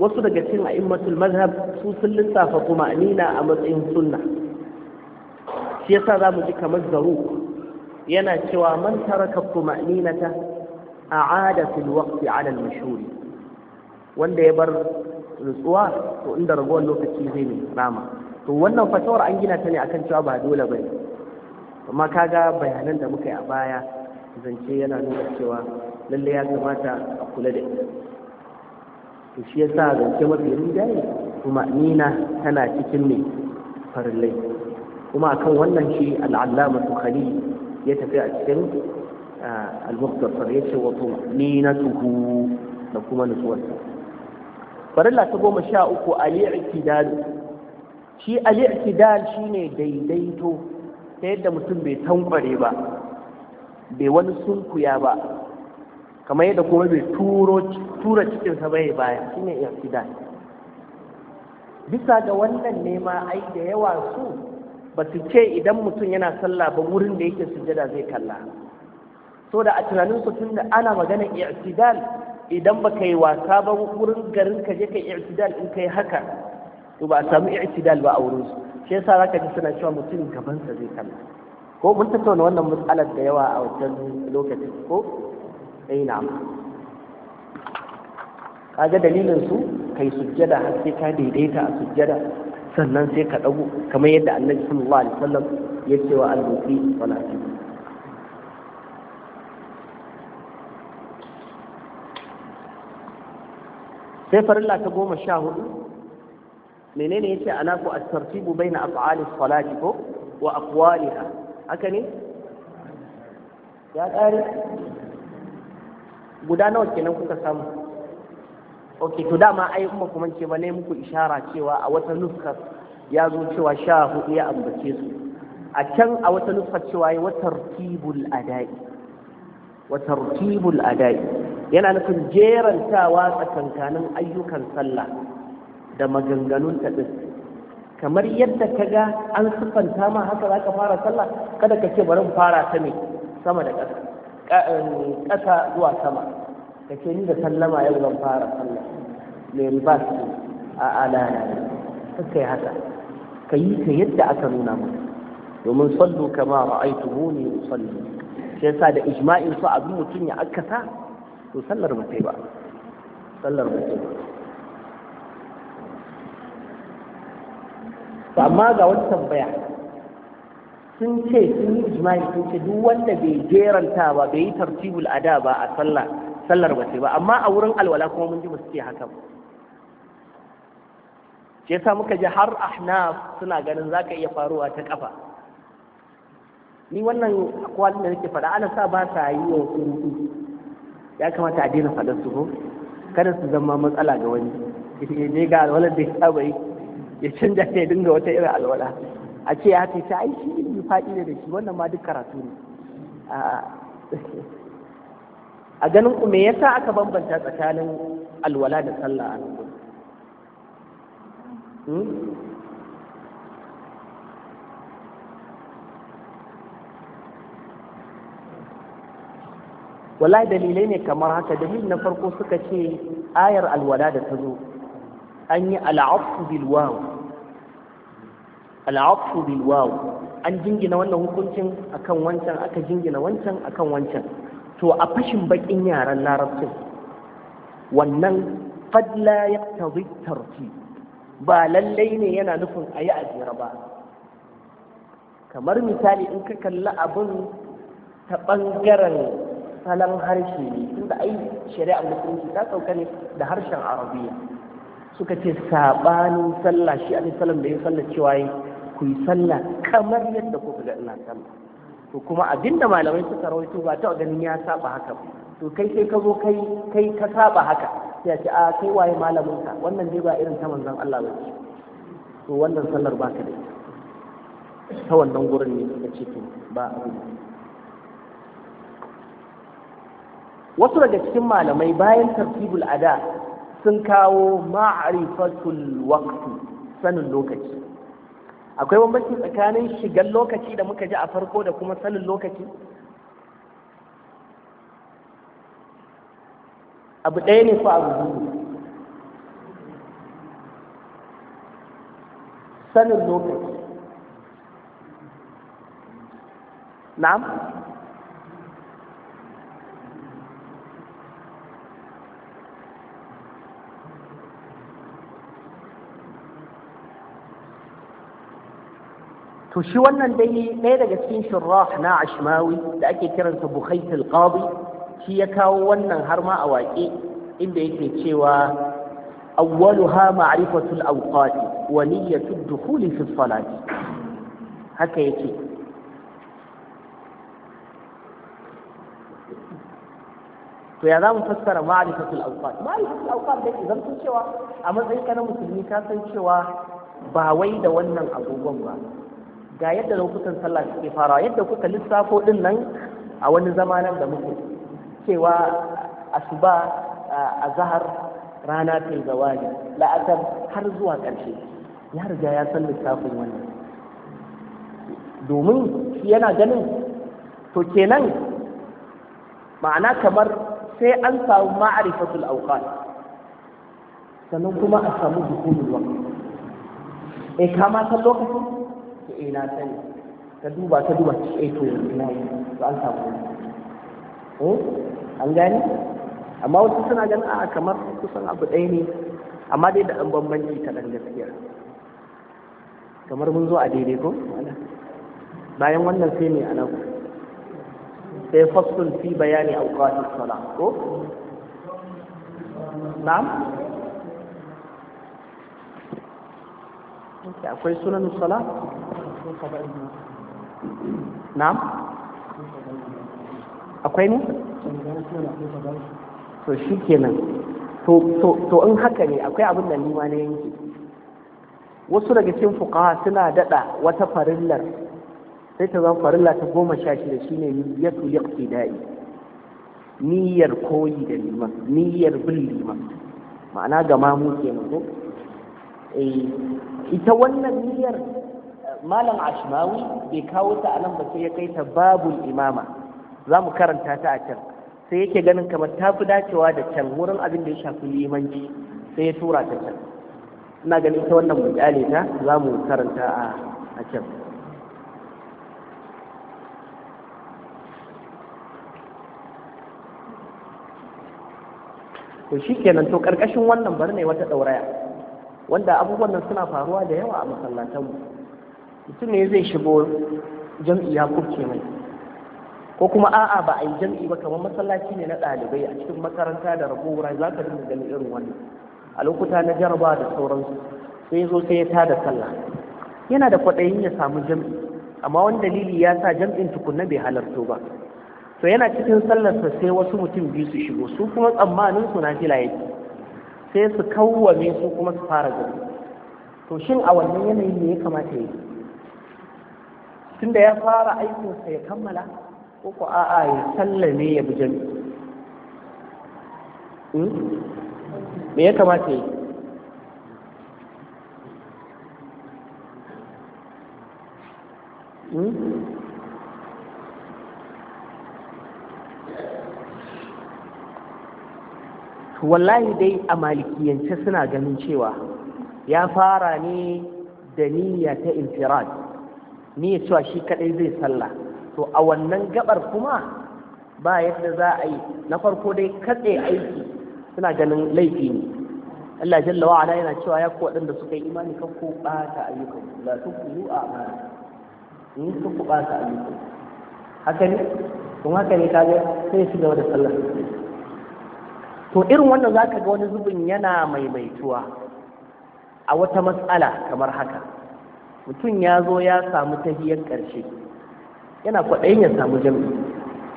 wasu daga cikin a'immatul mazhab su sun lissafa kuma amina a matsayin sunna shi yasa za mu ji kamar zaruk yana cewa man taraka tuma'ninata a'ada fil waqti 'ala al wanda ya bar rutsuwa to inda ragowar lokaci zai ne rama to wannan fatawar an gina ta ne akan cewa ba dole ba ne amma kaga bayanan da muka yi a baya zance yana nuna cewa lalle ya kamata a kula da ita to shi yasa zance mafi rinjaye kuma nina tana cikin ne farillai kuma akan wannan shi al'allama hali ya tafi a cikin al-mukhtasar ya ce na tuhu da kuma nutsuwarsa farilla ta goma sha uku al shi al shine daidaito ta yadda mutum bai tankware ba bai wani sulkuya ba kamar yadda kuma bai tura cikinsa bai baya shine i'tidal bisa ga wannan nema ai da yawa su ba su ce idan mutum yana sallah ba wurin da yake sujada zai kalla so da a tunanin su tun da ana magana i'tidal idan ba yi wasa ba wurin garin ka je ka i'tidal in kai haka to ba a samu i'tidal ba a wurin su shi yasa zaka ji suna cewa mutum gaban sa zai kalla ko mun tattauna wannan matsalar da yawa a wajen lokacin ko eh na'am kaga dalilin su kai sujjada har sai ka daidaita a sujjada sannan sai ka dago kamar yadda annabi sallallahu alaihi wasallam ya ce wa al-muqi salati sai farilla ta goma sha hudu menene yace ala ku at-tartibu baina af'ali salati ko wa aqwaliha haka ne ya kare guda nawa kenan kuka samu ok to dama ai in kuma ke ba ne muku ishara cewa a wata nufka ya zo cewa sha hudu ya ambace su a can a wata nuskar cewa ya wata rutibul adai wata rutibul adai yana nufin jerantawa tsakankanin ayyukan sallah da maganganun ta kamar yadda ka ga an siffanta ma haka za ka fara sallah kada ka ce bari fara ta ne sama da ƙasa eh, ƙasa zuwa sama ka ce ni da sallama yau zan fara sallah mai ribas ne a alana ne kai haka ka yi ta yadda aka nuna mu. domin sallu kama ra'aytumuni usalli shi yasa da ijma'in su abin mutum ya akasa to sallar ba sai ba sallar ba sai amma ga wata tambaya sun ce sun yi ijma'i sun ce duk wanda bai jeranta ba bai yi tartibul ada ba a sallah sallar ba ba amma a wurin alwala kuma mun ji ba su ce haka ba shi yasa muka ji har ahnaf suna ganin zaka iya faruwa ta kafa ni wannan akwalin da nake faɗa ana sa ba sa yi wa hutu ya kamata a daina fadar su ko kada su zama matsala ga wani ya je ga alwalar da ya saba yi ya canja ya dinga wata irin alwala a ce ya ta ta aiki ilimi faɗi ne da shi wannan ma duk karatu ne a ganin ku me yasa aka bambanta tsakanin alwala da sallah a hmm? wala dalilai ne kamar haka dalil na farko suka ce ayar alwala da ta zo an yi al'afu bil waw al'afu bil waw an jingina wannan hukuncin akan wancan aka jingina wancan akan wancan to a fashin bakin yaran larabcin wannan fadla ya tazi ba lallai ne yana nufin a yi ajiyar ba kamar misali in ka kalla abin ta ɓangaren salon harshe ne tunda ai shari'a musulunci ta sauka ne da harshen arabiya suka ce saɓanin sallah shi a da ya sallah cewa ku yi sallah kamar yadda kuka ga ina sallah to kuma abinda malamai suka rawaito ba ta ganin ya saba haka to kai sai ka zo kai kai ka saba haka sai a ce a ah, kai waye malamin ka wannan dai ba irin ta manzon Allah ba to wannan sallar ba ka da ta wannan gurin ne suka ce to ba abu wasu daga cikin malamai bayan tartibul ada sun kawo ma'rifatul waqti sanin lokaci akwai bambanci tsakanin shigar lokaci da muka ji a farko da kuma sanin lokaci abu ɗaya ne ko abu biyu sanin lokaci na'am to shi wannan dai ɗaya daga cikin shirrah na ashmawi da ake kiransa bukhait al-qadi shi ya kawo wannan har ma a waƙe inda yake cewa awwaluha ma'rifatu al-awqati wa niyyatu ad-dukhul fi as-salati haka yake to ya za mu fassara ma'rifatul awqat ma'rifatul awqat dai zan kun cewa a matsayin kana musulmi ka san cewa ba wai da wannan abubuwan ba ga yadda lokutan sallah suke farawa yadda kuka lissafo din nan a wani zamanan da muke cewa asuba a zahar rana ta zawali la'asar har zuwa ƙarshe ya riga ya san lissafin wannan domin yana ganin to kenan ma'ana kamar sai an samu ma'arifatul auqat sannan kuma a samu dukulul waqt e eh, kama san lokacin ta eh na sani ta duba ta duba ta eh to yanzu yi to an samu eh an gani amma wasu suna ganin a kamar kusan abu ɗaya ne amma dai da ɗan bambanci ta ɗan gaskiya kamar mun zo a daidai ko bayan wannan sai ne ana sai fasul fi bayani a wukatun sala ko na'am akwai sunan sala na'am akwai ne to shi kenan to in haka ne akwai abin da nima na yanki wasu daga cikin fukaha suna dada wata farillar sai ta zama farilla ta goma sha shida shine niyyatu da'i. niyyar koyi da liman niyyar bin liman ma'ana ga mamu kenan ko eh ita wannan niyyar malam ashmawi bai kawo ta a nan ba sai ya kai ta babul imama za mu karanta ta a can sai yake ganin kamar ta fi dacewa da can wurin abin da ya shafi limanci sai ya tura ta can ina ganin ta wannan mujale ta za mu karanta a can to shi kenan to ƙarƙashin wannan bar ne wata ɗauraya wanda abubuwan nan suna faruwa da yawa a masallatanmu mutum ne zai shigo jam'i ya kurce mai ko kuma a'a ba a yi jam'i ba kamar masallaci ne na ɗalibai a cikin makaranta da rabo wura za ka dinga ganin irin wannan a lokuta na jaraba da sauransu sai zo sai ya tada sallah yana da kwaɗayin ya samu jam'i amma wani dalili ya sa jam'in tukunna bai halarto ba to yana cikin sallarsa sai wasu mutum biyu su shigo su kuma tsammanin su na fila sai su kawwame su kuma su fara gani. to shin a wannan yanayin ne ya kamata ya yi tunda ya fara aikinsa ya kammala ko ko a'a ya sallame ya bujan hmm? me ya kamata yi hmm? wallahi dai a malikiyance suna ganin cewa ya fara ne da niyya ta infirad ne cewa shi kadai zai sallah to a wannan gabar kuma ba yadda za a yi na farko dai katse aiki suna ganin laifi ne Allah jalla wa'ala yana cewa ya kuwa da suka yi imani kan ku ɓata ayyukan la tukulu a amana in hmm? su ku ɓata ayyukan haka ne kun haka ne kaga sai su gaba da sallar to irin wanda zaka ga wani zubin yana maimaituwa a wata matsala kamar haka mutum ya zo ya samu tahiyar ƙarshe yana kwaɗayin ya samu jam'i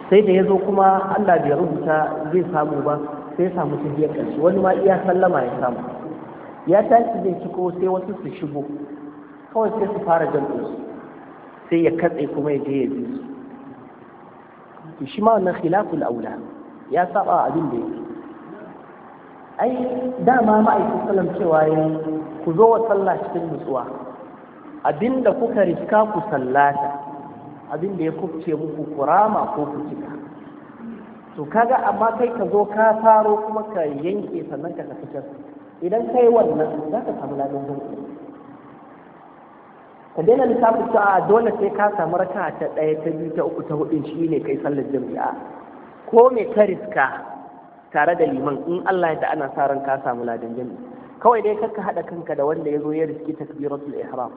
sai da ya zo kuma Allah bai rubuta zai samu ba sai ya samu tahiyar ƙarshe wani ma iya sallama ya samu ya tashi zai ko sai wasu su shigo kawai sai su fara jami'i sai ya katse kuma ya je ya bi su shi ma wannan khilaful aula ya saba abin da yake ai dama ma'aikin salam cewa yayi ku zo wa sallah cikin nutsuwa Abin da kuka riska ku sallata abin da ya kubce muku kurama ko ku cika to kaga amma kai ka zo ka faro kuma ka yanke sannan ka tafi can idan kai wannan za ka samu ladan zuwa ka daina lissafin ta dole sai ka samu raka ta ɗaya ta biyu ta uku ta hudu shine kai sallar jami'a ko me ka riska tare da liman in Allah ya da ana sa ran ka samu ladan jami'a kawai dai kakka haɗa kanka da wanda ya zo ya riski takbiratul ihram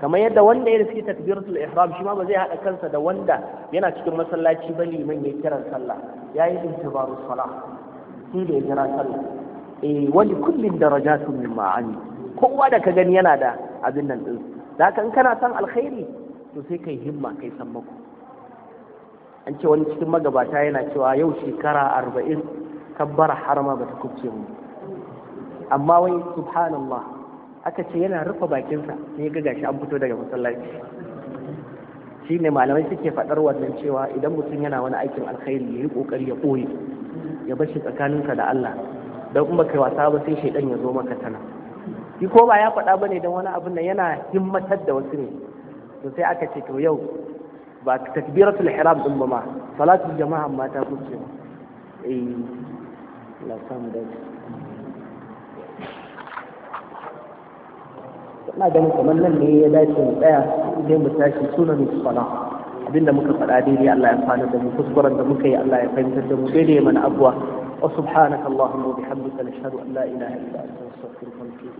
kamar yadda wanda ya riski takbiratul ihram shi ma ba zai hada kansa da wanda yana cikin masallaci ba liman ya kiran sallah yayi intibaru salah shi da ya sallah eh wani kullin darajatu min ma'ani kowa da ka gani yana da abin nan din da kan kana san alkhairi to sai kai himma kai san mako an ce wani cikin magabata yana cewa yau shekara arba'in kabbara harma ba ta kubce mu amma wai subhanallah aka ce yana rufe bakinsa ne ga gashi an fito daga masallaci shi ne malamai suke faɗar wannan cewa idan mutum yana wani aikin alkhairi ya yi ƙoƙari ya ɓoye ya bashi shi tsakaninsa da Allah don kuma kai wasa ba sai shaidan ya zo maka tana shi ko ba ya faɗa ba ne don wani abin nan yana himmatar da wasu ne to sai aka ce to yau ba takbiratul ihram din ba ma salatul jama'a ma ta kuce eh la samu ina ganin kamar nan ne ya dace mu tsaya idan mu tashi sunan sala abinda muka faɗa daidai Allah ya fana da mu kuskuren da muka yi Allah ya fahimtar da mu daidai mana abuwa wa subhanaka allahumma wa bihamdika nashhadu an la ilaha illa anta nastaghfiruka wa natubu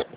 ilayk